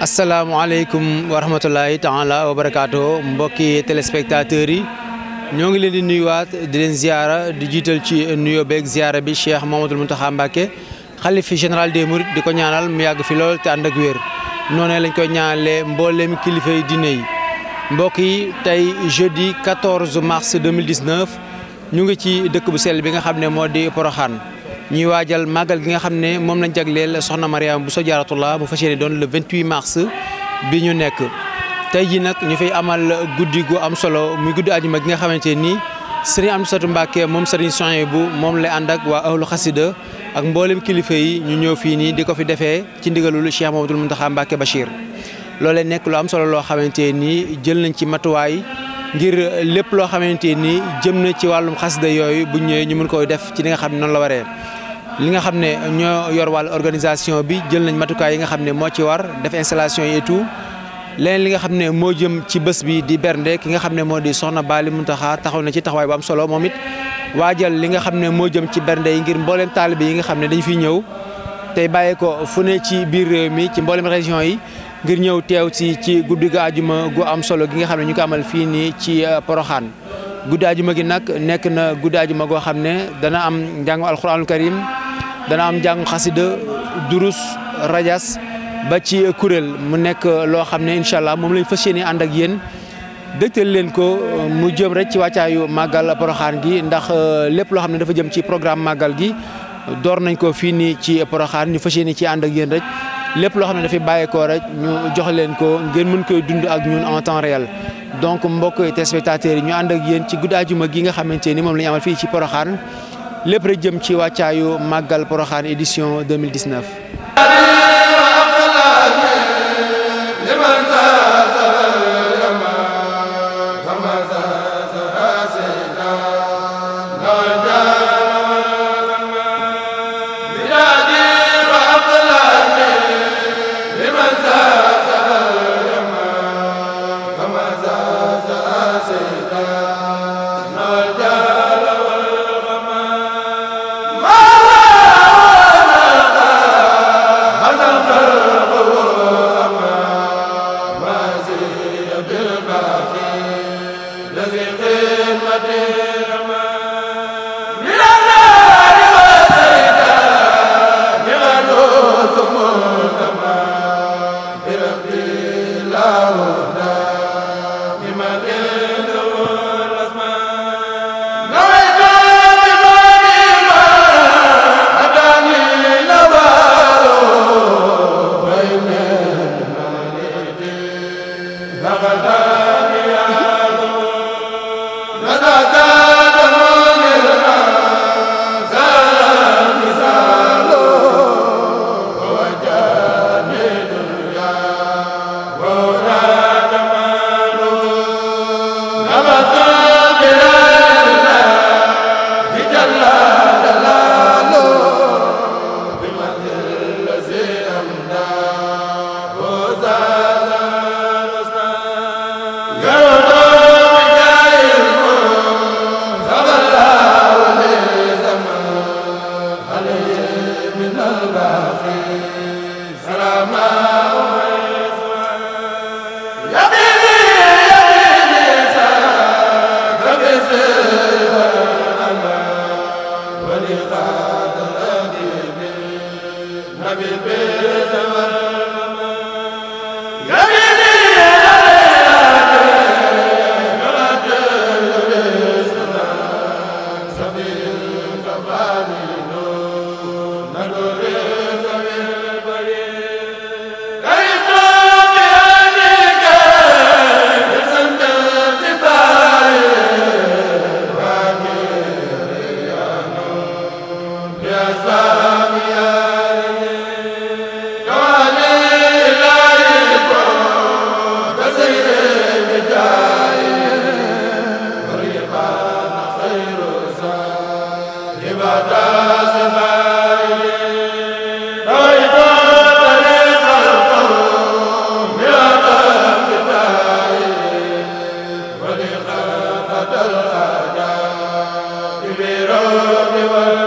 asalaamaaleykum wa rahmatulahi taala wa barakaatu mbokki téléspectateurs yi ñoo ngi leen di nuyuwaat di leen ziara di jiital ci nuyoo beeg ziara bi Cheikh Mouhamadoul Mountakha Mbacké xalifi général des Mourides di ko ñaanal mu yàgg fi lool te ànd ak wér noonee lañ koy ñaanalee mbooleem kilifa yi diine yi mbokk yi tey jeudi 14 mars 2019 ñu ngi ci dëkk bu sell bi nga xam ne moo di Porokhane ñuy waajal màggal gi nga xam ne moom lañ jagleel soxna Mariama bu Diarratullah mu fas yéene doon le 28 mars bi ñu nekk tey jii nag ñu fiy amal guddi gu am solo muy guddi àjjuma gi nga xamante ni am Amsatou Mbacke moom sëriñ bu moom lay ànd ak waa ahlu xasida ak mboolem kilifa yi ñu ñëw fii nii di ko fi defee ci ndigalul Cheikh Mamadou Mountakha Mbacke Bachir loolee nekk lu am solo loo xamante nii jël nañ ci matuwaay ngir lépp loo xamante ni jëm na ci wàllum xasida yooyu bu ñëwee ñu mun koy def ci li nga xam ne noonu la waree. li nga xam ne ñoo yor wàllu organisation bi jël nañ matukaay yi nga xam ne moo ci war def installation yi et tout li nga xam ne moo jëm ci bës bi di bernde ki nga xam ne moo di soxna Baali Muntaxa taxaw na ci taxawaay bu am solo moom it waajal li nga xam ne moo jëm ci bernde yi ngir mbooleem taalibe yi nga xam ne dañu fi ñëw tey bàyyee ko fu ne ci biir réew mi ci mbooleem région yi ngir ñëw teew si ci guddi ga ajuma gu am solo gi nga xam ne ñu ko amal fii nii ci uh, Poroxaan guddi ajuma gi nag nekk na guddi ajuma goo xam ne dana am njàngu alxuraanul karim dana am njàngu xasida durus rajas ba ci kuréel mu nekk loo xam ne incha allah moom lañ fas yéene ànd ak yéen dëgtal leen ko uh, mu jëm rek ci wàccaayu màggal poroxaan gi ndax uh, lépp loo xam ne dafa jëm ci programme màggal gi door nañ ko fii nii ci poroxaan ñu fas yéene ci ànd ak yéen lépp loo xam ne dafay bàyyeekoo rek ñu jox leen ko ngeen mën koy dund ak ñun en temps réel donc mbokk yi te yi ñu ànd ak yéen ci guddi ajuma gi nga xamante ni moom lañu ñu amal fii ci Porokhane lépp rek jëm ci wàccaayu màggal Porokhane édition 2019 بِرَادِ وَالْمَنَّ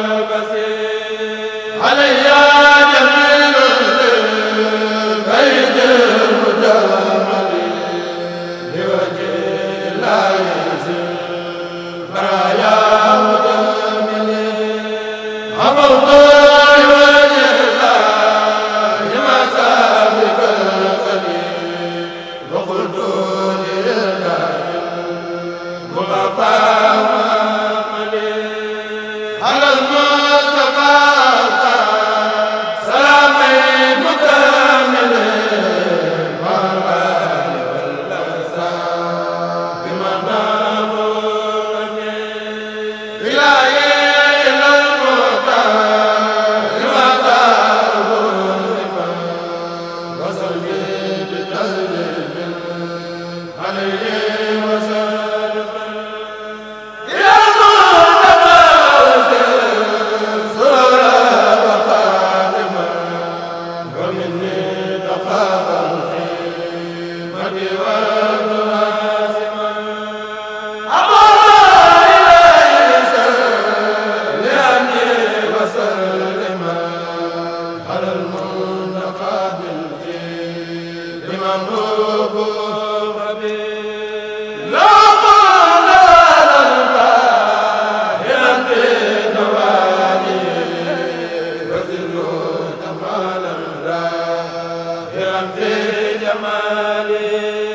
جماله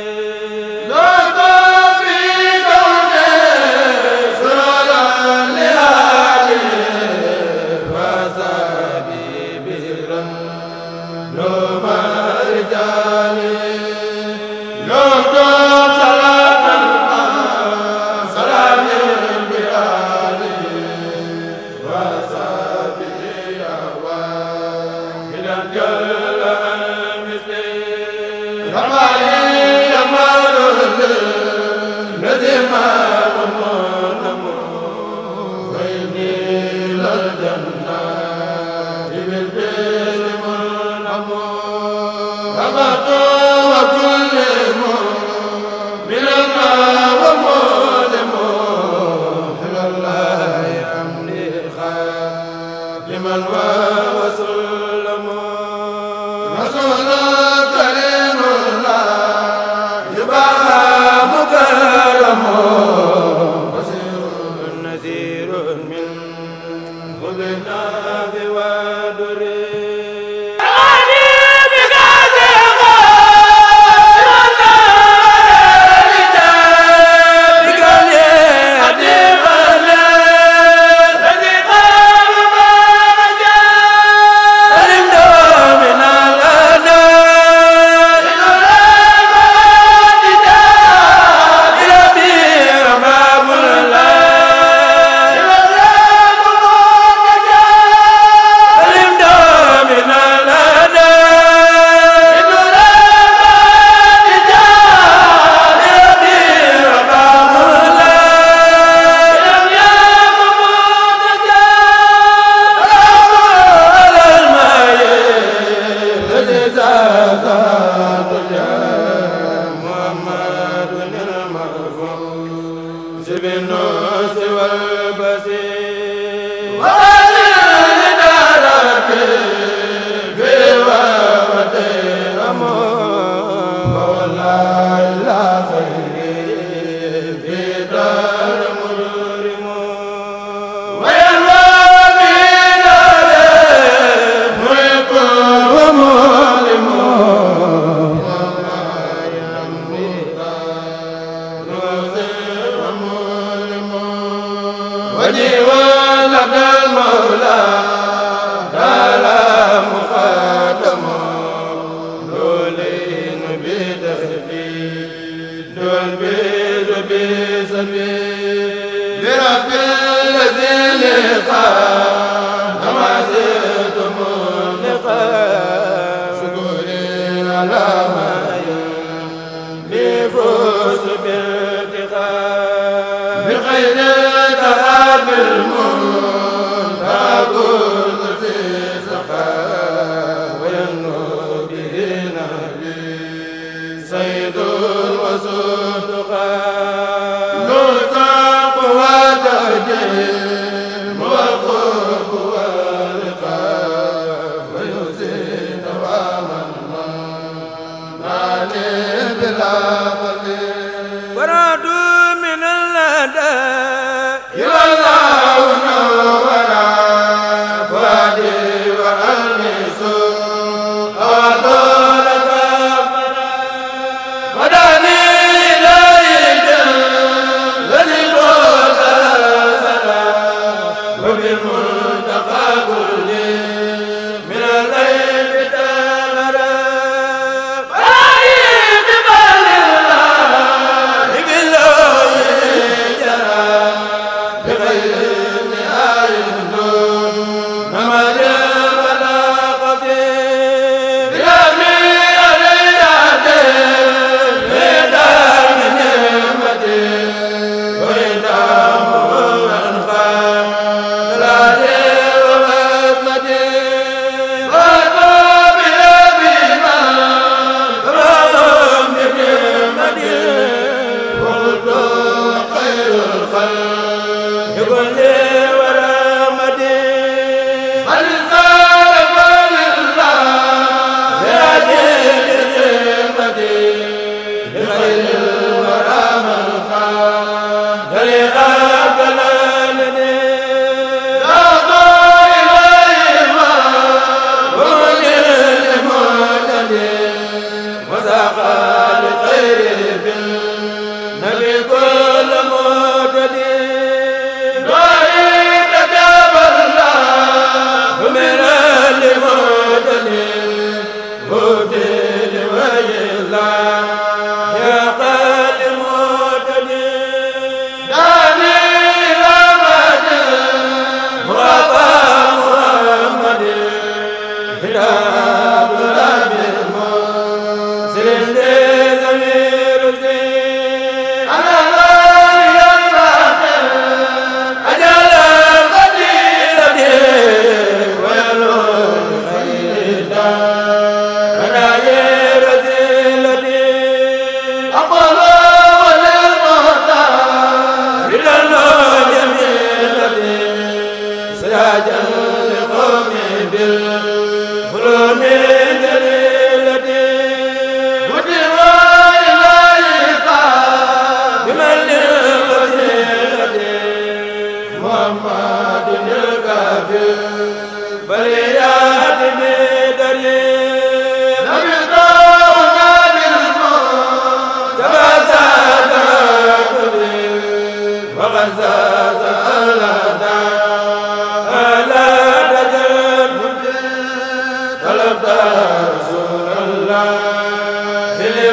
saindo.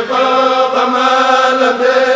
ba ma la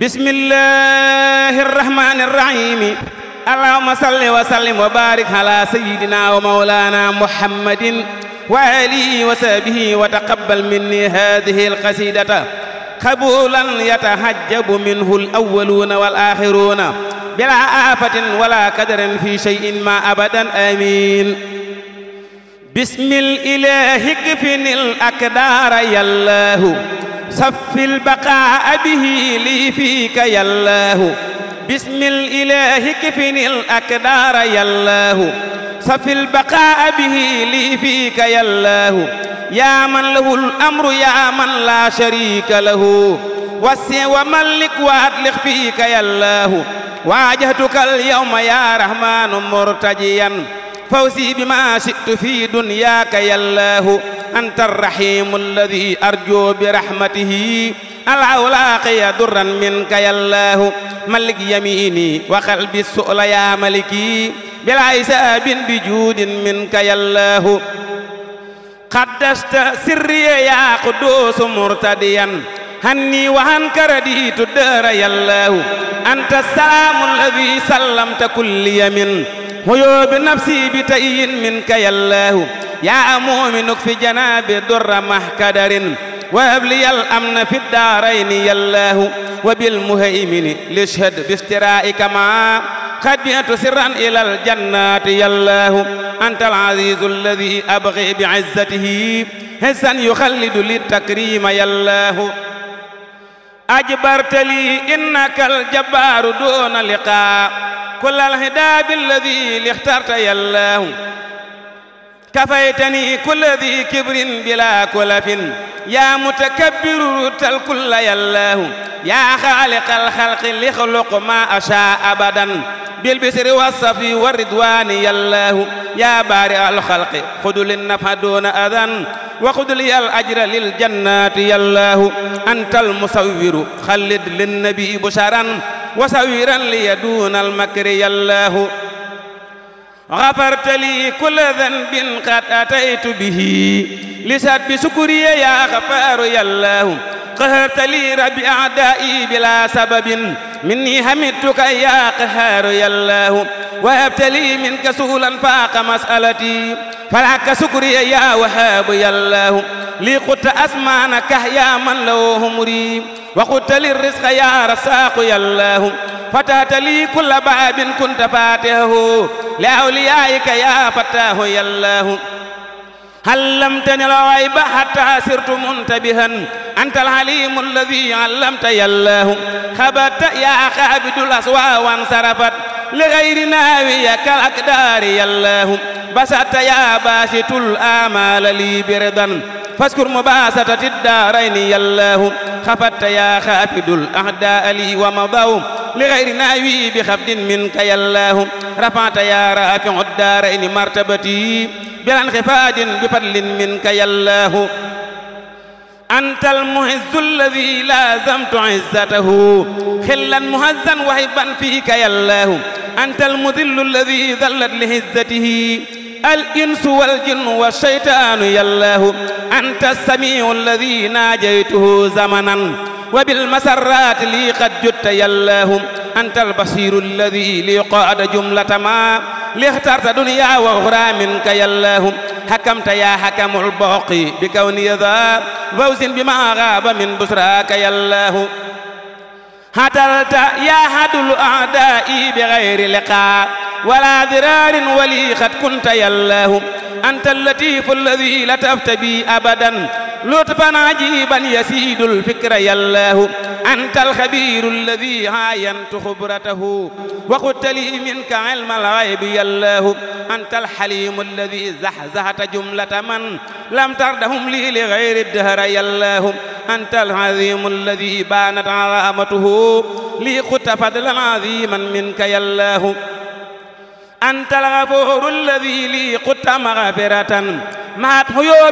بسم الله الرحمن الرحيم اللهم صل وسلم وبارك على سيدنا ومولانا محمد وعلي وصحبه وتقبل مني هذه القصيدة قبولا يتحجب منه الأولون والآخرون بلا آفة ولا كدر في شيء ما أبدا آمين بسم الإله كفن الأكدار يالله الله صف البقاء به لي فيك يا الله بسم الإله كفني الأكدار يا الله صف البقاء به لي فيك يا الله يا من له الأمر يا من لا شريك له وسع وملك وأطلق فيك يا الله واجهتك اليوم يا رحمن مرتجيا فوزي بما شئت في دنياك يا الله أنت الرحيم الذي أرجو برحمته يا درا منك يا الله ملك يميني وقلبي السؤل يا ملكي بالعساب بجود منك يا الله قدست سري يا قدوس مرتديا هني وهن كرديت الدار يا الله أنت السلام الذي سلمت كل يمين ويوب بنفسي بتأي منك يا الله يا مؤمنك في جناب در محكدر وابلي الأمن في الدارين يا الله وبالمهيمن لشهد باشترائك ما خدمت سرا إلى الجنات يا الله أنت العزيز الذي أبغي بعزته حسا يخلد للتكريم يا الله أجبرت لي إنك الجبار دون لقاء كل الهداب بالذي اخترت يا الله كفيتني كل ذي كبر بلا كلف يا متكبر تل كل يا الله يا خالق الخلق لخلق ما أشاء أبدا بالبسر والصفي والرضوان يا الله يا بارئ الخلق خذ للنفع دون أذن وخذ لي الأجر للجنات يا الله أنت المصور خلد للنبي بشرا وصويرا لي دون المكر يا الله غفرت لي كل ذنب قد أتيت به لسات بشكري يا غفار يا الله قهرت لي ربي أعدائي بلا سبب مني همتك يا قهار يا الله وهبت لي منك سهولا فاق مسألتي فلعك سكري يا وهاب يا الله لي قلت أسمانك يا من له همري وقلت للرزق يا رساق يا الله فتات لي كل باب كنت فاتحه لأوليائك يا فتاه يا الله علمتني الغيب حتى صرت منتبها أنت الحليم الذي علمت يالله خبت يا خابد الأسوى وانصرفت لغير ناوية كالأقدار يالله بسط يا باسط الآمال لي بردا فاذكر مباسطة الدارين يالله خفت يا خافد الأعداء لي ومضوا لغير ناوي بخفد منك يالله رفعت يا رافع الدارين مرتبتي بلا انخفاض بفضل منك يالله أنت المهز الذي لازمت عزته خلا مهزا وهبا فيك يا الله أنت المذل الذي ذلت لهزته الإنس والجن والشيطان يا الله أنت السميع الذي ناجيته زمنا وبالمسرات لي قد جدت يا الله أنت البصير الذي لي قعد جملة ما اخترت دنيا وغرى منك يا الله حكمت يا حكم البوقي بكوني ذا فوز بما غاب من بسراك يا الله هتلت يا حد الأعداء بغير لقاء ولا ذرار ولي قد كنت يا الله أنت اللطيف الذي لا تفتبي أبدا لطفا عجيبا يسيد الفكر يا الله أنت الخبير الذي عاينت خبرته وقلت لي منك علم الغيب يا الله أنت الحليم الذي زحزحت جملة من لم تردهم لي لغير الدهر يا الله أنت العظيم الذي بانت عظامته لي قلت فضلا عظيما منك يا الله أنت الغفور الذي لي قد مغفرة مات هيو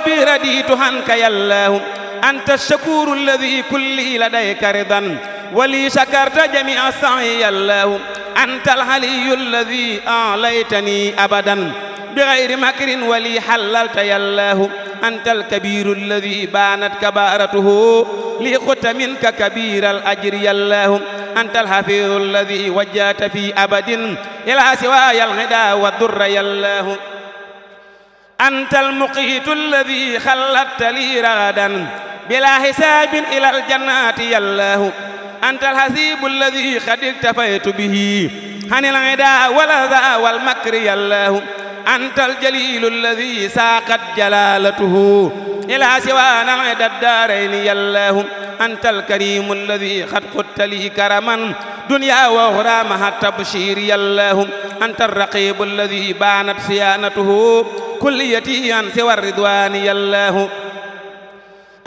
تهنك يا يالله أنت الشكور الذي كلي لديك رضا ولي شكرت جميع سعي الله أنت الحلي الذي أعليتني أبدا بغير مكر ولي حللت يا الله أنت الكبير الذي بانت كبارته ليخت منك كبير الأجر يا الله أنت الحفيظ الذي وجهت في أبد إلى سواي الغدا والضر يا الله أنت المقيت الذي خلت لي رغدا بلا حساب إلى الجنات يا الله أنت الحسيب الذي قد اكتفيت به عن العداء والأذى والمكر يا الله أنت الجليل الذي ساقت جلالته إلى سوانا عند الدارين يا الله أنت الكريم الذي قد قدت لي كرما دنيا وأخرى ما التبشير يا الله أنت الرقيب الذي بانت صيانته كليتي عن سوى الرضوان يا الله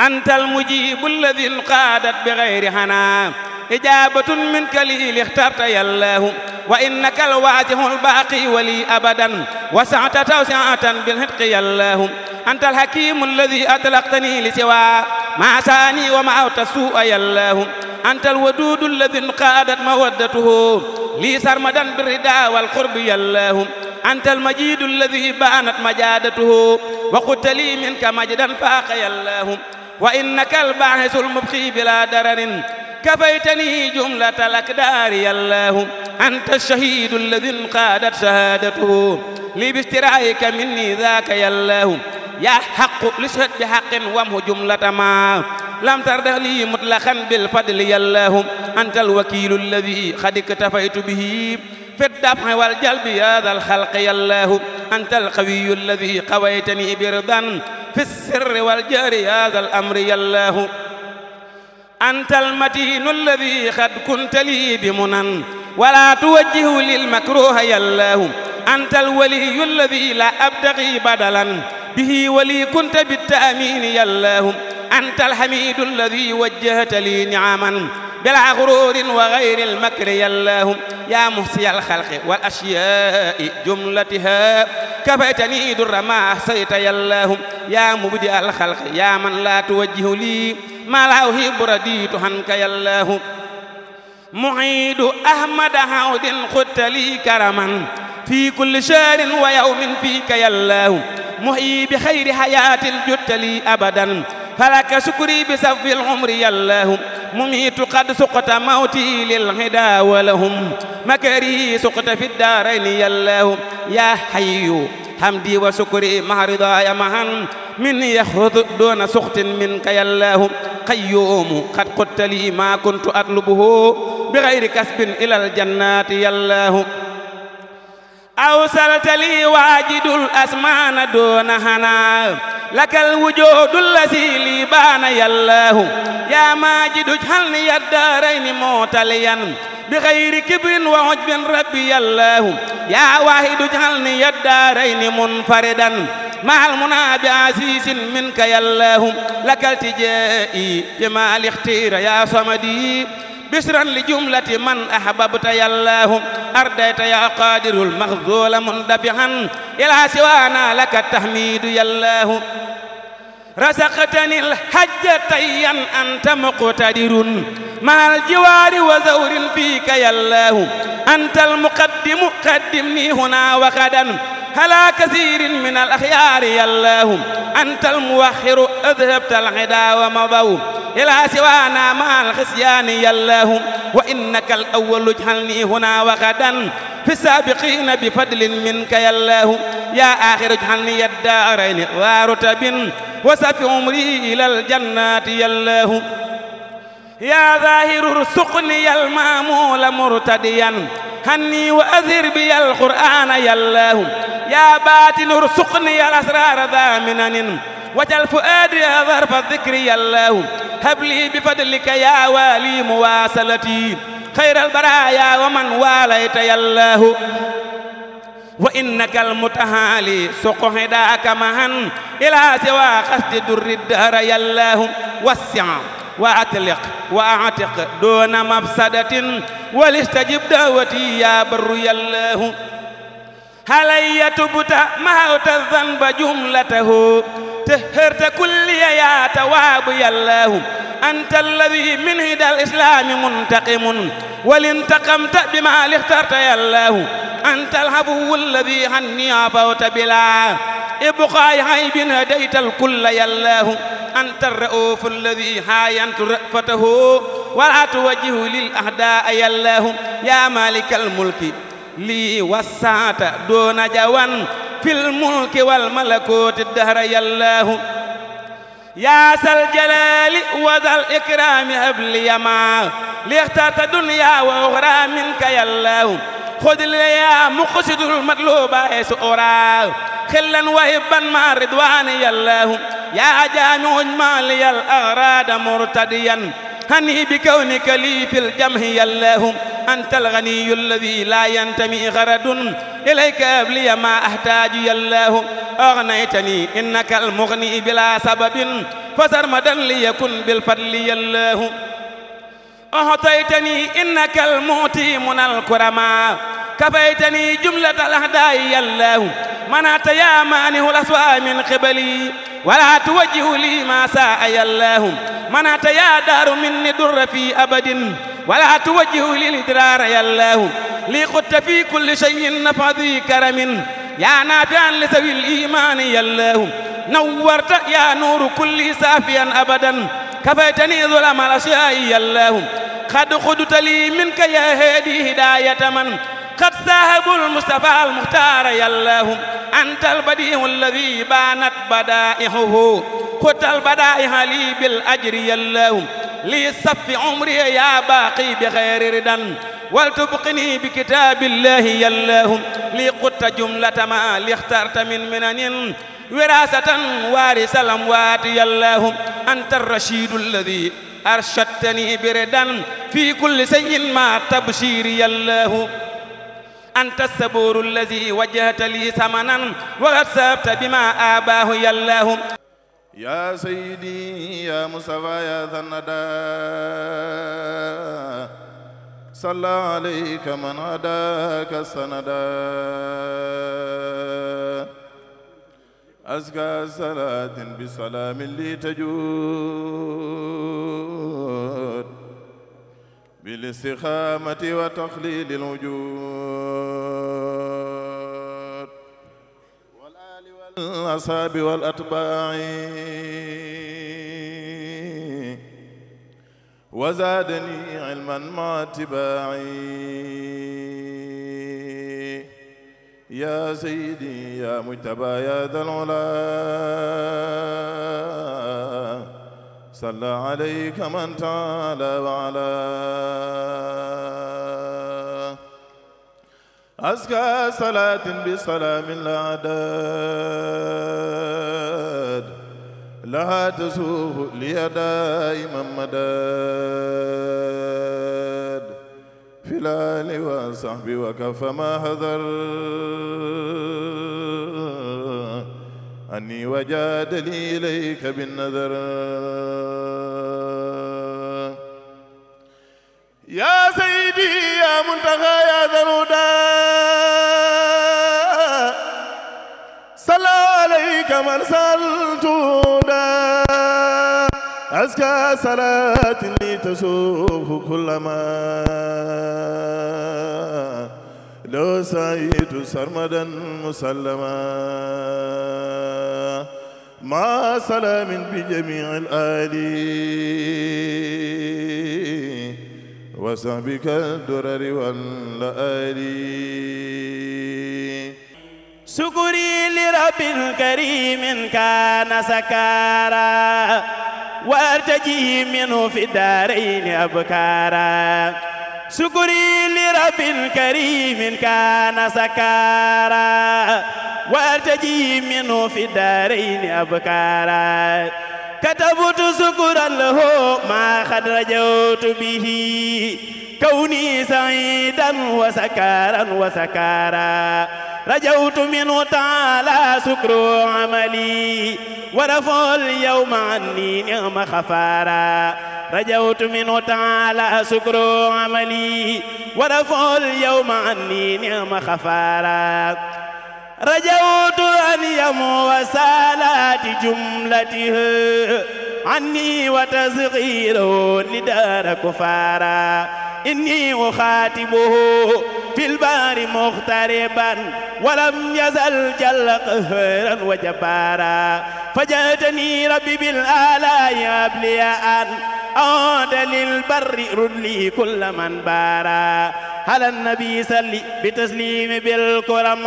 أنت المجيب الذي انقادت بغير حنا إجابة من كليل اخترت يا الله وإنك الواجه الباقي ولي أبدا وسعت توسعة بالحق يا الله أنت الحكيم الذي أطلقتني لسوى ما ساني أوت السوء يا الله أنت الودود الذي انقادت مودته لي سرمدا بالرداء والقرب يا الله أنت المجيد الذي بانت مجادته وقلت لي منك مجدا فاق يا الله وإنك الباعث المبقي بلا درر كفيتني جملة الأكدار يا الله أنت الشهيد الذي انقادت شهادته لي باسترائك مني ذاك يا الله يا حق لشهد بحق وامه جملة ما لم ترد لي مطلقا بالفضل يا الله أنت الوكيل الذي قد اكتفيت به في الدفع والجلب يا ذا الخلق يا الله أنت القوي الذي قويتني برضا في السر والجار يا ذا الأمر يا الله أنت المتين الذي قد كنت لي بمنن ولا توجه للمكروه يا الله أنت الولي الذي لا أبتغي بدلا به ولي كنت بالتأمين يا الله أنت الحميد الذي وجهت لي نعما بلا غرور وغير المكر يا الله يا محسي الخلق والأشياء جملتها كفيتني در ما أحصيت يا الله يا مبدئ الخلق يا من لا توجه لي ما لا أهيب رديت عنك يا الله معيد أحمد عود خدت لي كرما في كل شهر ويوم فيك يا الله محيي بخير حياة جدت لي أبدا فلك شكري بسف العمر يالله مميت قد سقط موتي للهدى ولهم مكري سقط في الدارين يالله يا حي حمدي وشكري مع يا معا من يخذ دون سخط منك الله قيوم قد قلت لي ما كنت أطلبه بغير كسب إلى الجنات الله أوصلت لي واجد الأسمان دون هنا لك الوجود الذي لي بان يا الله يا ماجد اجعلني الدارين موتليا بغير كبر وعجب ربي يا الله يا واحد اجعلني الدارين منفردا مع المنى بعزيز منك يا الله لك التجائي بما الاختير يا صمدي بسرا لجملة من أحببت يا الله أرديت يا قادر المخذول مندبعا إلى سوانا لك التحميد يا الله رزقتني الحج تيا أنت مقتدر مع الجوار وزور فيك يا الله أنت المقدم قدمني هنا وغدا هلا كثير من الأخيار الله أنت الموخر أذهبت العدا ومضوا إلى سوانا مع الخسيان الله وإنك الأول اجعلني هنا وغدا في السابقين بفضل منك الله يا آخر اجعلني الدارين وارتب وسف عمري إلى الجنات الله يا ظاهر ارزقني المامول مرتديا هني وأذر بي القرآن يا الله يا باتن ارزقني الأسرار ذا وجل وجل يا ظرف الذكر يا الله هب لي بفضلك يا والي مواصلتي خير البرايا ومن واليت يا الله وإنك المتهالي سوق هداك مهن إلى سوى قصد در الدهر يا الله وسع واتلق وأعتق دون مفسدة ولستجب دعوتي يا بر يا الله هلي يتبت مهوت الذنب جملته تهرت كل يا تواب يا الله أنت الذي من هدى الإسلام منتقم ولانتقمت بما اخترت يا الله أنت الهبو الذي هني عفوت بلا إبقاء عيب هديت الكل يا الله أنت الرؤوف الذي هاينت رأفته ولا توجه للأهداء يا الله يا مالك الملك لي وسعت دون جوان في الملك والملكوت الدهر يا الله يا ذا الجلال وذا الإكرام هب لي ما دنيا وأخرى منك يا الله خذ لي يا مقصد المطلوب حيث أراه خلا وهبا مع رضوان يا الله يا جامع مالي الأغراد مرتديا هني بكونك لي في الجمع يا الله أنت الغني الذي لا ينتمي غرد إليك أبلي ما أحتاج يا الله أغنيتني إنك المغني بلا سبب فسرمدا ليكن بالفضل يا الله أعطيتني إنك الموتي من الكرماء كفيتني جملة الأهداء الله من يا مانه الأسوأ من قبلي ولا توجه لي ما ساء الله من أتيا دار مني در في أبد ولا توجه لي الإدرار الله لي قدت في كل شيء نفذي كرم يا نافعا لسوي الإيمان الله نورت يا نور كل سافيا أبدا كفيتني ظلم الأشياء الله قد خدت لي منك يا هدي هداية من قد ساهبوا المصطفى المختار يالله أنت البديع الذي بانت بدائحه خت البدائح لي بالأجر يالله لي صف عمري يا باقي بخير ردا ولتبقني بكتاب الله يالله لي قت جملة ما لي اخترت من منن وراثة وارث الأموات يالله أنت الرشيد الذي أرشدتني بردا في كل سي ما تبشيري الله أنت الصبور الذي وجهت لي ثمنا وأصبت بما آباه يالله يا سيدي يا مصطفى يا ذا الندى صلى عليك من هداك السندا أزكى صلاة بسلام لتجود بالاستخامة وتخليل الوجود والآل والأصحاب والأتباع وزادني علما مع اتباعي يا سيدي يا مجتبى يا ذا العلا صلى عليك من تعالى وعلى أزكى صلاة بسلام الأعداد لها تسوه لي دائما مداد في الآل وصحبي وكف ما هذر أني لي إليك بالنذر يا سيدي يا منتهى يا ذرودا صلى عليك من سألتودا أزكى صلاة لتسوف كل ما لو سيد سرمدا مسلما مع سلام بجميع الآل وسبك الدرر والآل شكري لرب كريم كان سكارا وارتجي منه في الدارين أبكارا شكري لرب كريم كان سكارا وارتجي منه في الدارين أبكارا كتبت شكرا له ما قد رجوت به كوني سعيدا وسكارا وسكارا رجوت منه تعالى سكر عملي ورفع اليوم عني نعم خفارا رجوت منه تعالى سكر عملي ورفع اليوم عني نعم خفارا رجوت أن يمو سالات جملته عني وتزغير لدار كفارا إني أخاتبه في البار مغتربا ولم يزل جل قهرا وجبارا فجاتني ربي بالآلاء أبلياء أعود للبر رد لي كل من بارا على النبي صلي بتسليم بالكرم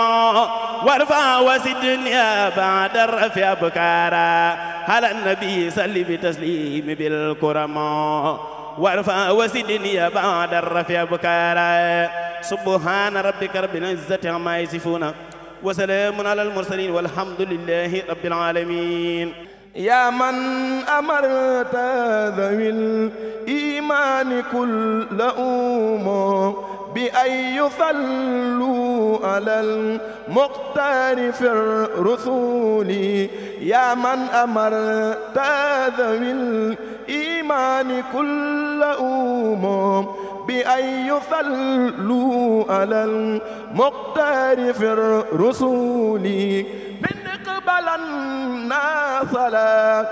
وارفع وسد الدنيا بعد الرفع بكارا على النبي صلي بتسليم بالكرم وارفع وسد الدنيا بعد الرفع بكارا سبحان ربك رب العزة عما يصفون وسلام على المرسلين والحمد لله رب العالمين يا من أمرت ذوي الإيمان كل أمور بأن يصلوا على المختار في الرسول يا من أمرت ذوي الإيمان كل أمم بأن يصلوا على المختار في الرسول من قبل الناس لا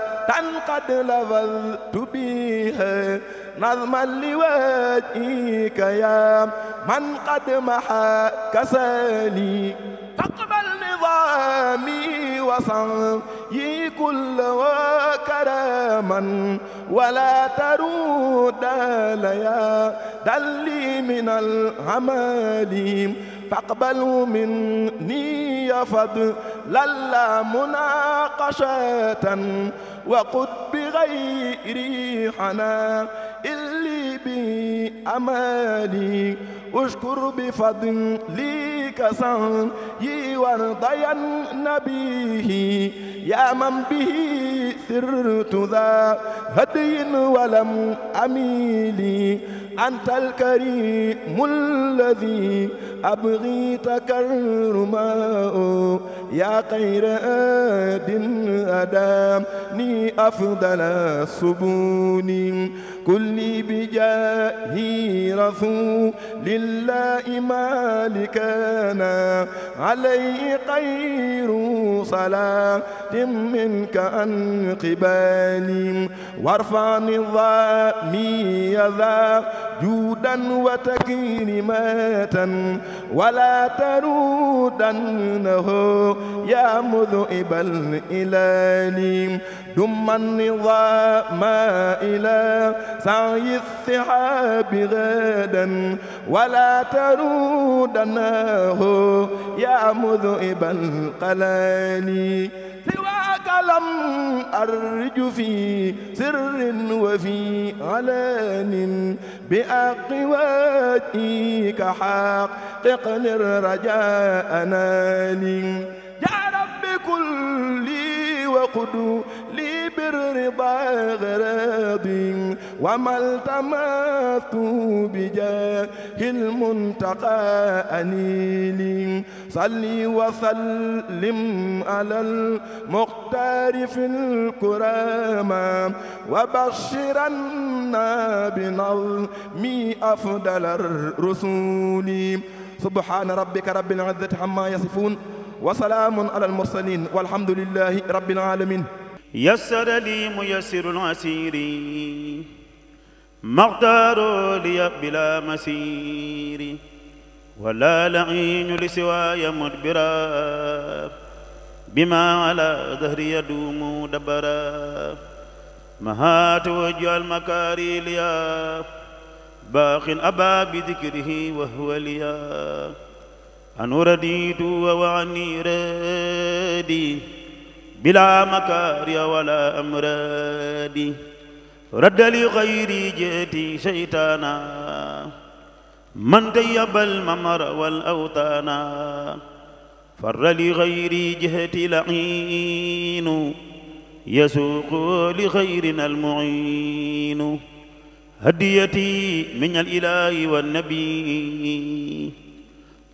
قد لفظت بها نظما لوجهك يا من قد محا كسالي تقبل نظامي وصلي كل وكرما ولا ترود ليا دلي من العمال فاقبلوا مني يا فضل لا مناقشة وقد بغيري حنا اللي بي أمالي أشكر بفضلي كسان ضيان نبيه يا من به سرت ذا هدي ولم أميلي أنت الكريم الذي أبغي تكرمه يا خير آدم ادم ني أفضل سبون كلي بجاه رسول الله مالكنا عليه خير صلاة منك أن قبالي وارفع نظامي ذا جودا وتكريما ولا ترودنه يا مذئب الإلال دم النظام إلى سعي السحاب غدا ولا ترودناه يا مذئب القلال سواك لم أرج في سر وفي علان بأقواتك حقق رجاءنا لي يا رب كل لي وقد لي بالرضا غراض وما التمست بجاه المنتقى أنيل صلي وسلم على المختار في الكرامة وبشرنا بنظم أفضل الرسول سبحان ربك رب العزة عما يصفون وسلام على المرسلين والحمد لله رب العالمين يسر لي ميسر العسير مغتار لي بلا مسير ولا لعين لسواي مدبرا بما على ظهري يدوم دبرا مهات وجه المكاري ليا باخ أبا بذكره وهو ليا أن رديت وعني رادي بلا مكاري ولا أمرادي رد لي غيري جيتي شيطانا من تيب الممر والأوطانا فر لي غيري جهتي لعين يسوق لخيرنا المعين هديتي من الإله والنبي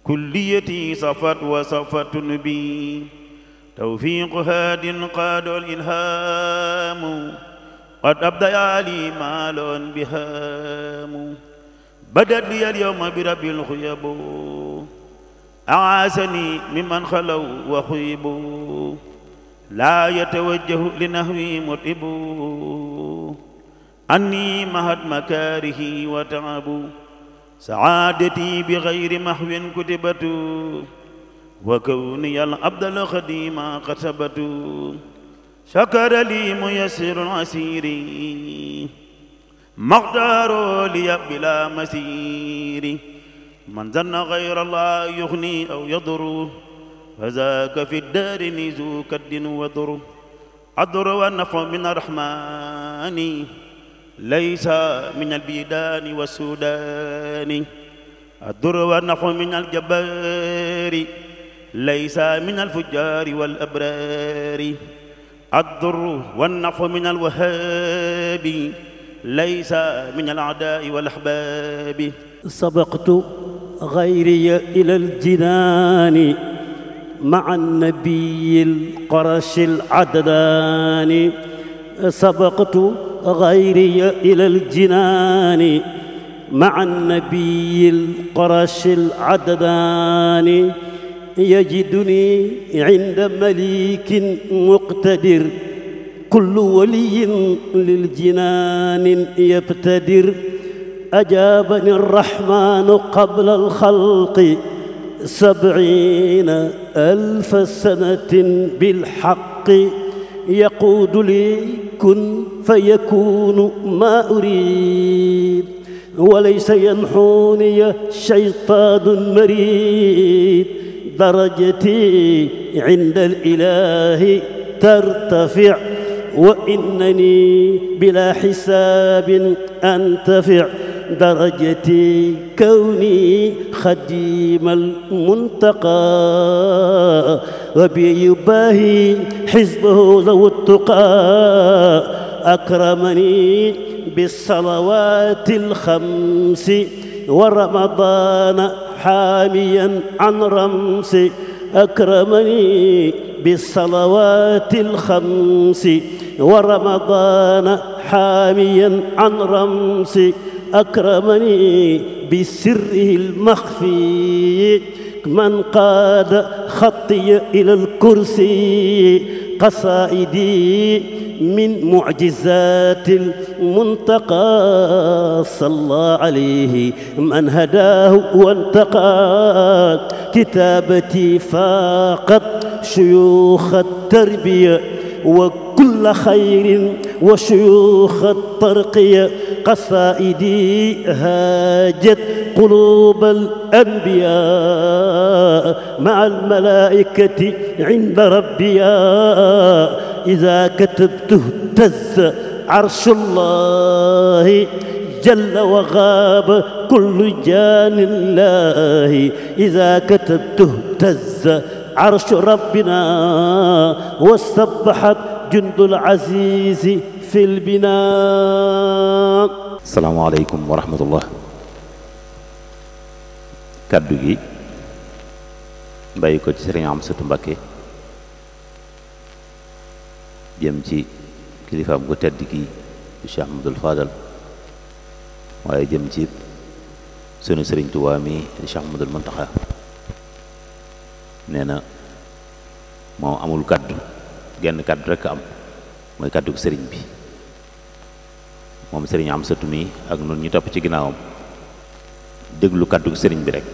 كليتي صفت وصفت بي توفيق هاد قاد الإلهام قد أبدى لي مال بهام بدت لي اليوم برب الخيب أعاسني ممن خلوا وخيبوا لا يتوجه لنهوي مطيبوا أني مهد مكاره وتعبوا سعادتي بغير محو كتبت وكوني العبد الخديم قتبت شكر لي ميسر عسيري مقدار لي بلا مسير من ظن غير الله يغني أو يضر فذاك في الدار نزو كد وضر عذر ونفع من الرحمن ليس من البيدان والسودان الدر نحو من الجبار ليس من الفجار والأبرار الضر والنحو من الوهاب ليس من الأعداء والأحباب سبقت غيري إلى الجنان مع النبي القرش العدنان سبقت غيري إلى الجنان مع النبي القرش العددان يجدني عند مليك مقتدر كل ولي للجنان يبتدر أجابني الرحمن قبل الخلق سبعين ألف سنة بالحق يقود لي كن فيكون ما أريد وليس ينحوني شيطان مريد درجتي عند الإله ترتفع وإنني بلا حساب أنتفع درجتي كوني خديم المنتقى وبيباهي يباهي حزبه ذو التقى أكرمني بالصلوات الخمس ورمضان حاميا عن رمس أكرمني بالصلوات الخمس ورمضان حاميا عن رمس أكرمني بسره المخفي من قاد خطي إلى الكرسي قصائدي من معجزات المنتقى صلى عليه من هداه وانتقى كتابتي فاقت شيوخ التربيه وكل خير وشيوخ الترقية قصائدي هاجت قلوب الأنبياء مع الملائكة عند ربيا إذا كتبت اهتز عرش الله جل وغاب كل جان الله إذا كتبت اهتز عرش ربنا واستبحت جند العزيز في البناء السلام عليكم ورحمة الله كدوغي بايكو جي سيرين عام ستو مباكي جيم جي كليفا بو تادغي الشيخ محمد الفاضل واي جيم جي سيرين توامي الشيخ محمد المنتخب nee na moom amul kàddu genn kàddu rekk am mooy kàddu sëriñ bi moom sëriñ am satu mi ak noonu ñu topp ci ginnaawam déglu kàddu sëriñ bi rekk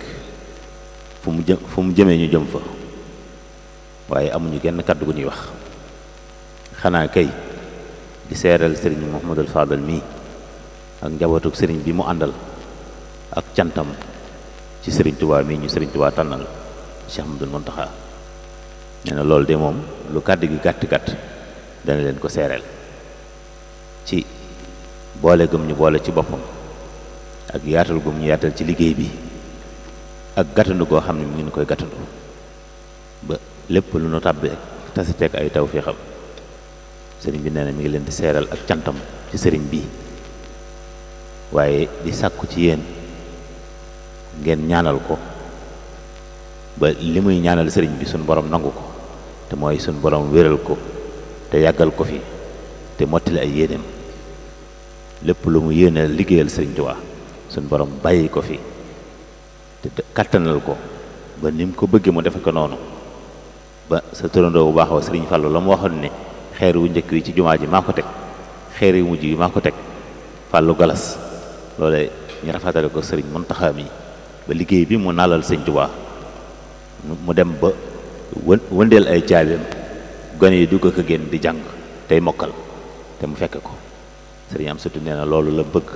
fu mu jë mu jëmee ñu jëm fa waaye amuñu genn kàddu gu ñuy wax xanaa kay di seeral sëriñ Mouhamadul Fadal mii ak njabootuk sëriñ bi mu àndal ak cantam ci sëriñ Tuubaa mii ñu sëriñ Tuubaa tànnal Cheikh Amadou Mountakha nee na loolu de moom lu kàddu gi gàtt gàtt dana leen ko seereel ci boole gëm ñu boole ci boppam ak yaatal gëm ñu yaatal ci liggéey bi ak gàttandu goo xam ne mu ngi koy gàttandu ba lépp lu nu tàbbi tasi teg ay taw fii sëriñ bi nee na mi ngi leen di seeral ak cantam ci sëriñ bi waaye di sàkku ci yéen ngeen ñaanal ko ba li muy ñaanal sëriñ bi suñ borom nangu ko te mooy suñ borom wéral ko te yàggal ko fi te mottali ay yéeneem lépp lu mu yéene liggéeyal sëriñ Tuubaa suñ borom bàyyi ko fi te kattanal ko ba ni mu ko bëggee mu defe ko noonu ba sa turandoo bu baax wa sëriñ Fallou la mu waxoon ne xeer wu njëkk wi ci jumaa ji maa ko teg xeer yu mujj yi maa ko teg fàllu Galas loole ñu rafetale ko sëriñ Muntaxa mi ba liggéey bi mu naalal sëñ Tuubaa mu dem ba wëndel ay caabeem gone yi dugg ko gën di jang tay mokal te mu fekk ko serigne am neena loolu la bëgg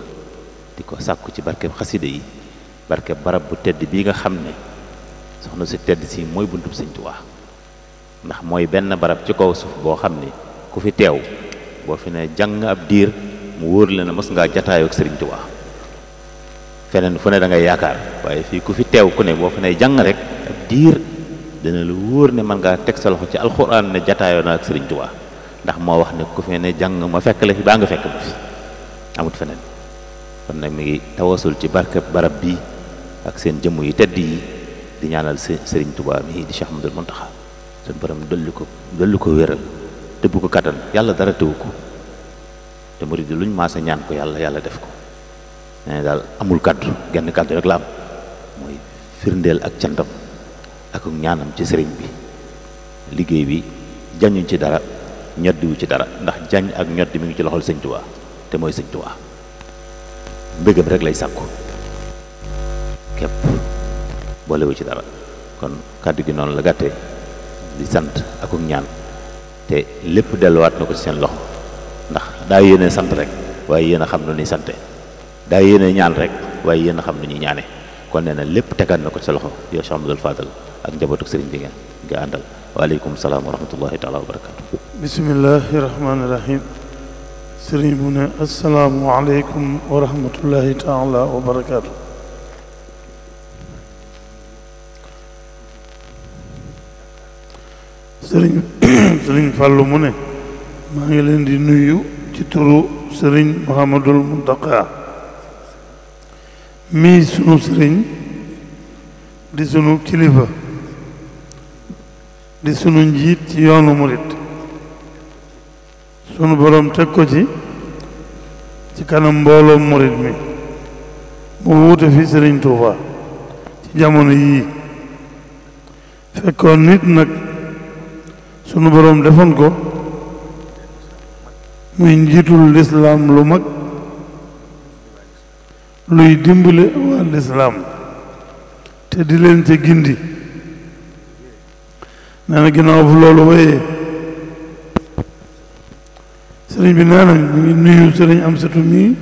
diko sakku ci barke xasida yi barke barab bu tedd bi nga xamne soxna si tedd ci moy buntu serigne touba ndax moy benn barab ci kaw suuf bo xamne ku fi tew bo fi ne jang ab dir mu wóor leena mas mos ngaa ak serigne touba fenen fune da nga yaakar waye fi ku fi tew ku ne bo fi ne rek dir diir lu wor ne man nga teg sa loxo ci alquran ne jataayoo na ak sëriñ Tuubaa ndax mo wax ne ku fene jang ma fekk la fi ba nga fekk ma fi amut fenen kon mi tawassul tawasul ci barke barab bi ak sen jëmm yu teddi di ñaanal serigne touba mi di Cheikh Ahmadul Muntaxa sen borom deluko deluko dolli te bu ko katan yalla dara te wuko te mouride ma sa ñaan ko yalla yalla def ko ne nah, dal amul kaddu genn kaddu rek la am moy firndel ak cantam ak ñaanam ci sëriñ bi liggéey bi jañuñ ci dara ñoddiwu ci dara ndax jañ ak ñoddi mi ngi ci loxol sëñ Tuubaa te mooy sëñ Tuubaa mbégam rek lay sàkku képp boolewu ci dara kon kàddu gi noonu la gàttee di sant ak ñaan te lépp delluwaat na ko ci seen loxo ndax daa yéene sant rek waaye yéen a xam lu ñuy sante daa yéene ñaan rek waaye yéen a xam lu ñuy ñaane kon nee na lépp tegaat na ko ci sa loxo yow Cheikh Amadou Fadal ak njabootu sëriñ bi nga nga àndal waaleykum salaam wa rahmatullahi taala wa barakatu bismillahi sëriñ mu ne asalaamu aleykum wa rahmatullahi wa barakatu sëriñ Fàllu mu ne maa ngi leen di nuyu ci turu sëriñ Muhammadul Muntaqa mii sunu sëriñ di sunu kilifa di sunu njiit ci yoonu murit sunu boroom teg ko ci ci kanam mbooloom murit mi mu wuute fi sëriñ Tuuba ci jamono yii fekkoon nit nag sunu boroom defoon ko muy njiitul lislaam lu mag luy dimbale waa lislaam te di leen ci gindi nee na ginnaaw bu loolu wéyee sëriñ bi nee ngi nuyu sëriñ am satu mii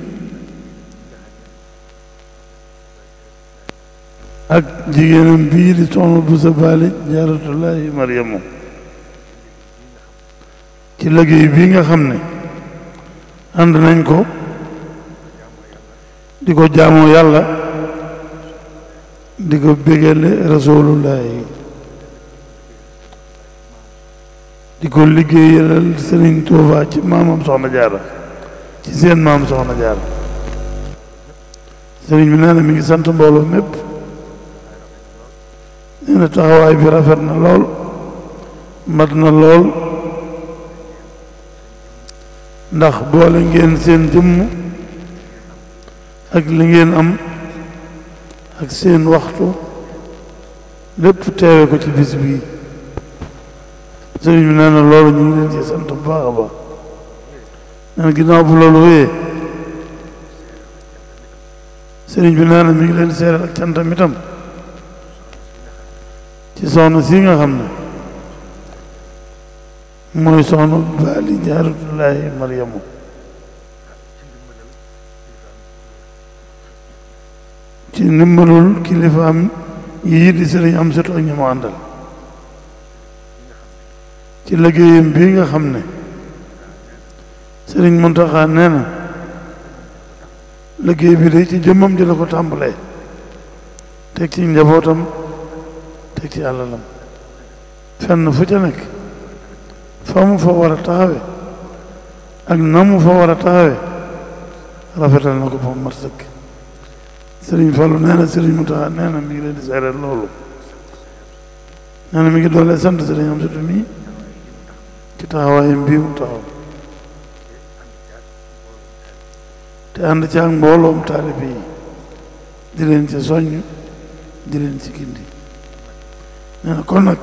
ak jigéenam bii di soxna bu sa baali jaaratullahi mariamu ci liggéey bii nga xam ne ànd nañ ko di ko jaamoo yàlla di ko bégale rasulullahi di ko liggéeyalal Sëriñ Tuuba ci maamam Soxna Jaara ci seen maam Soxna Jaara sëriñ bi nee mi ngi sant mbooloo mépp nee na taxawaay bi rafet na lool mat na lool ndax boole ngeen seen jëmm اكلين ام اكسين وقتو لب تاوي كو تي ديس بي سيرين نانا لولو ني نين دي سانت باغا با نان غيناو فلو لوي سيرين بي نانا مي لين سير لا تانتا ميتام تي سونو سيغا خامنا موي سونو بالي جار الله مريمو ci ndimbalul kilifaam yi di sëriñ am sët ak ñi ci liggéeyam bii nga xam ne sëriñ Muntaxa nee na liggéey bi de ci jëmmam ji ko tàmbalee teg ci njabootam teg ci àllalam fenn fu ca nekk fa mu fa war a taxawe ak na mu fa war a taxawe rafetal na ko ba mat sëkk sëriñ Fallou nee na sëriñ Moutakha nee na mi ngi leen di seereel loolu nee na mi ngi doole sant sëriñ am sutu mi ci taxawaayam bii mu taxaw te ànd ci ak mbooloom taalibe yi di leen ci soññ di leen ci gindi nee kon nag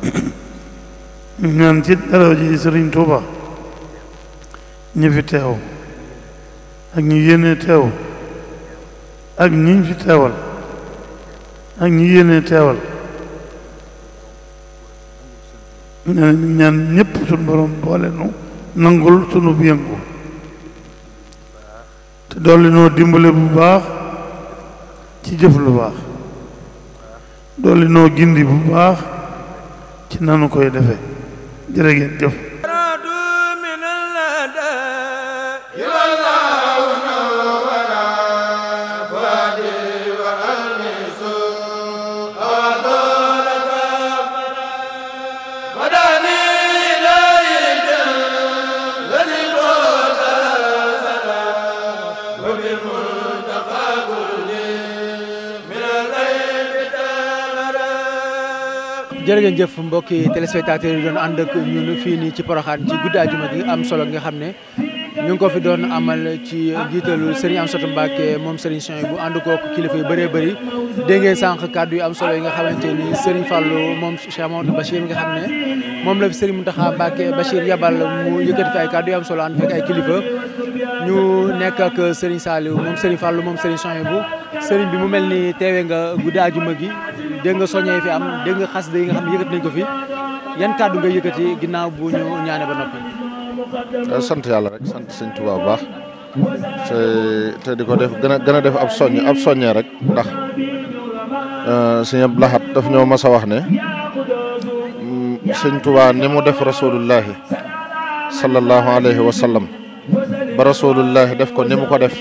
ñu ñaan ci daraw ji sëriñ Touba ñu fi teew ak ñu yéene tew ak ñiñ fi teewal ak ñi yéene teewal nee na ñu ñaan ñëpp suñu borom boole nu nangul sunu yëngu te dolli dimbale bu baax ci jëf lu baax dolli noo gindi bu baax ci nanu koy defe jërë ngeen jëf jërë ngeen jëf mbokki téléspectateurs yi doon ànd ak ñun fii nii ci Porokhane ci guddi ajuma gi am solo nga xam ne ñu ngi ko fi doon amal ci jiitalu Serigne Amsatou Mbacke moom Serigne Chouaïbou bu ànd kilifa yu bëree bëri dégg sànq kàddu yu am solo yi nga xamante ni Serigne Fallou moom Cheikh Mamadou Bachir mi nga xam ne moom la fi Serigne Mountakha Mbacke Bachir yabal mu yëkkati fi ay kàddu am solo ànd fekk kilifa ñu nekk ak Serigne Saliou moom Serigne Fallou moom Serigne Chouaïbou bu Serigne bi mu mel ni teewee nga guddi àjjuma gi dégg nga soññee fi am dégg nga xas yi nga xam ne yëkkati nañ ko fi yan kàddu nga yëkkati ginnaaw bu ñu ñaane ba noppi Eh, sant yàlla rek sant sëñ Tuubaa bu baax te te def gën a def ab soññ ab soññee rek ndax sëñ Abdou Lahad daf ñoo mas a wax ne sëñ Tuubaa ni mu def Rasulullah, sallallahu alayhi wa sallam ba rasulullahi def ko ni mu ko def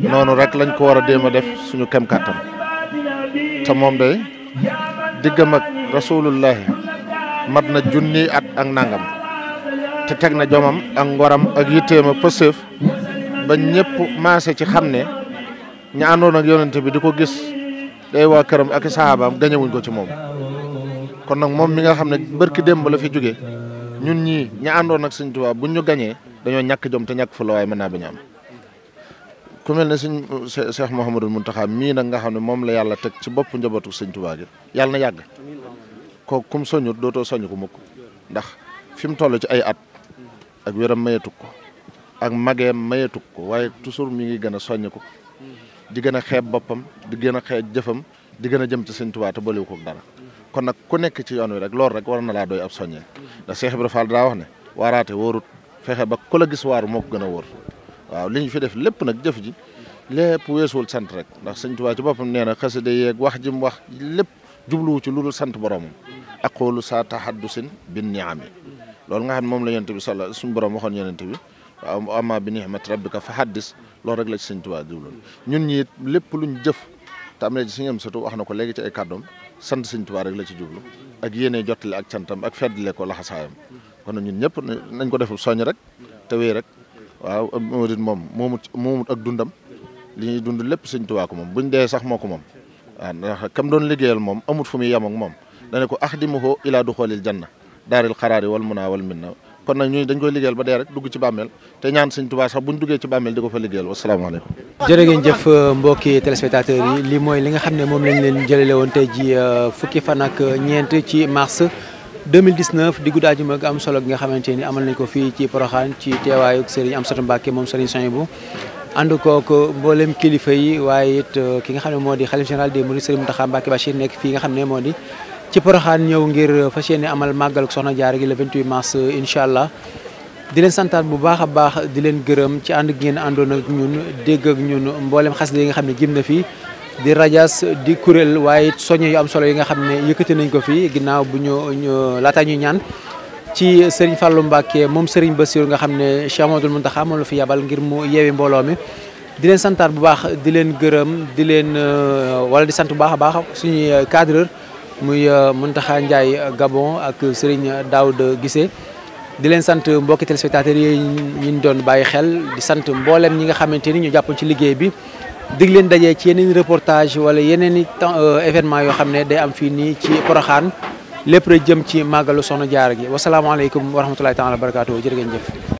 noonu rek lañ ko war a def suñu kem kàttan te moom day diggam ak rasulullahi mat junni at ak nangam te teg na jomam ak ngoram ak yitteem ak pësëf ba ñëpp maase ci xam ne ñu àndoon ak yonente bi di ko gis day waa këram ak i saxaabaam gañewuñ ko ci moom kon nag moom mi nga xam ne bërki démb la fi jóge ñun ñii ñi àndoon ak Sëñ Tuubaa buñ ñu gañee dañoo ñàkk jom te ñàkk fu la waaye mën naa bañ am ku mel ne moo Cheikh Mouhamadul Mountakha mii nag nga xam ne moom la yàlla teg ci bopp njabootu Sëñ Tuubaa gi yàlla na yàgg kooku kum soñut dootoo soñu ko mukk ndax fi ak wéram mayetu ko ak mageem mayetu ko waaye toujours mi ngi gën a soññiku di gën a xeeb boppam di gën a xeeb jëfam di gën a jëm ci Sëñ Tuubaa te bolewu ko dara kon nag ku nekk ci yoon wi rek loolu rek war na laa doy ab soññee ndax Cheikh Ibrahima Fall daa wax ne waraate wóorut fexe ba ku la gis waaru moo ko gën a wóor waaw li ñu fi def lépp nag jëf ji lépp weesuwul sant rek ndax Sëñ Tuubaa ci boppam nee na xasida yeeg wax ji mu wax lépp jubluwu ci lu dul sant boromam aqoolu saa tahaddusin bin niami loolu nga xam moom la yonent bi sala suñu borom waxoon yonent bi wa amma bi nihmati rabbika fa haddis loolu rek la ci sëñ Tuubaa jubloon ñun ñiit lépp luñ jëf te am na ci suñu am satu wax na ko léegi ci ay kàddoom sant sëñ rek la ci jublu ak yéene jottale ak cantam ak feddle ko laxasaayam kon ñun ñëpp nañ ko deful soñ rek te wéy rek waaw murit moom moomut moomut ak dundam li ñuy dund lépp sëñ Tuubaa ko moom buñ dee sax moo ko moom waaw ndax kam doon liggéeyal moom amut fu muy yem ak moom dane ko axdimuhu ilaa duxoolil janna daaril xaraari wal munaa wal minna kon nag ñun dañ koy liggéeyal ba dee rek dugg ci bàmmeel te ñaan sëñ Tuubaa sax buñ duggee ci bàmmeel di ko fa liggéeyal wasalaamaaleykum jërë ngeen jëf mbokki téléspectateurs yi li mooy li nga xam ne moom lañ leen jëlale woon tey ji euh, fukki fan ak euh, ñeent ci mars 2019 di guddi àjjuma am solo gi nga xamante ni amal nañ ko fii ci Poroxaan ci teewaayu am Amsatu Mbàkke moom sëriñ Soyibu ànd kook euh, mboolem kilifa yi waaye it ki nga xam ne moo di xalif général des mourides sëriñ Mountakha nekk fii nga xam ne moo di ci Porokhane ñëw ngir fas yéene amal màggal soxna Jaara gi le 28 mars incha allah di leen santaat bu baax a baax di leen gërëm ci ànd ngeen àndoon ak ñun dégg ak ñun mboolem xasida yi nga xam ne gim na fi di rajas di kuréel waaye soññe yu am solo yi nga xam ne yëkkati nañ ko fii ginnaaw bu ñu ñu laataa ñuy ñaan. ci Serigne Fallou Mbacke moom Serigne Bassirou nga xam ne Cheikh Amadou Mountakha moom la fi yabal ngir mu yeewi mbooloo mi di leen santaat bu baax di leen gërëm di leen euh, wala di sant bu a baax suñuy euh, cadreur. muy euh, Mountakha Ndiaye euh, Gabon ak Serigne Daouda Guissé di leen sant mbokki téléspectateurs yi ñu doon bàyyi xel di sant mboolem ñi nga xamante ni ñu jàppoon ci liggéey bi dig leen dajee ci yeneen reportage wala yeneen i euh, événement yoo xam ne day am fii nii ci Porokhane lépp rek jëm ci màggalu Soxna jaar gi wasalaamaaleykum wa rahmatulahi taala wa barakaatu jërë ngeen jëf